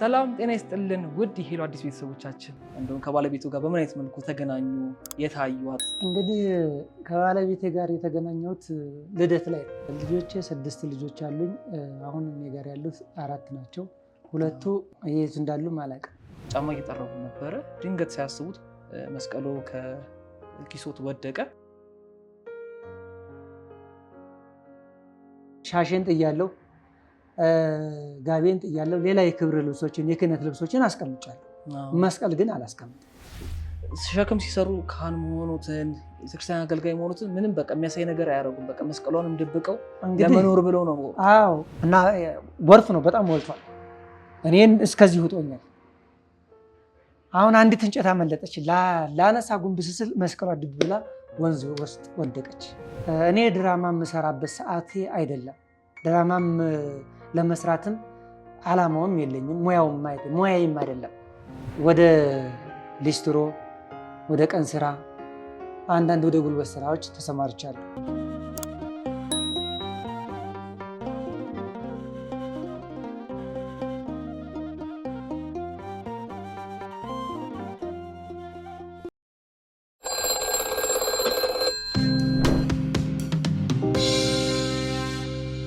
ሰላም ጤና ይስጥልን ውድ የሄሎ አዲስ ቤተሰቦቻችን፣ እንደውም ከባለቤቱ ጋር በምን አይነት መልኩ ተገናኙ? የታዩት እንግዲህ ከባለቤቴ ጋር የተገናኘሁት ልደት ላይ ልጆቼ ስድስት ልጆች አሉኝ። አሁን እኔ ጋር ያሉት አራት ናቸው። ሁለቱ የት እንዳሉ ማላቅ ጫማ እየጠረጉ ነበረ። ድንገት ሲያስቡት መስቀሎ ከኪሶት ወደቀ። ሻሽን ጥያለሁ ጋቤን ጥያለው፣ ሌላ የክብር ልብሶችን የክህነት ልብሶችን አስቀምጫለሁ። መስቀል ግን አላስቀምጥም። ሸክም ሲሰሩ ካህን መሆኑትን ቤተክርስቲያን አገልጋይ መሆኑትን ምንም በቃ የሚያሳይ ነገር አያደርጉም። በቃ መስቀሏንም ደብቀው ለመኖር ብለው ነው። አዎ እና ወርፍ ነው፣ በጣም ወልቷል። እኔን እስከዚህ ውጦኛል። አሁን አንዲት እንጨት አመለጠች። ላነሳ ጉንብስ ስል መስቀሏ ድብ ብላ ወንዝ ውስጥ ወደቀች። እኔ ድራማ የምሰራበት ሰዓቴ አይደለም ድራማም ለመስራትም አላማውም የለኝም፣ ሙያዬም አይደለም። ወደ ሊስትሮ፣ ወደ ቀን ስራ፣ አንዳንድ ወደ ጉልበት ስራዎች ተሰማርቻለሁ።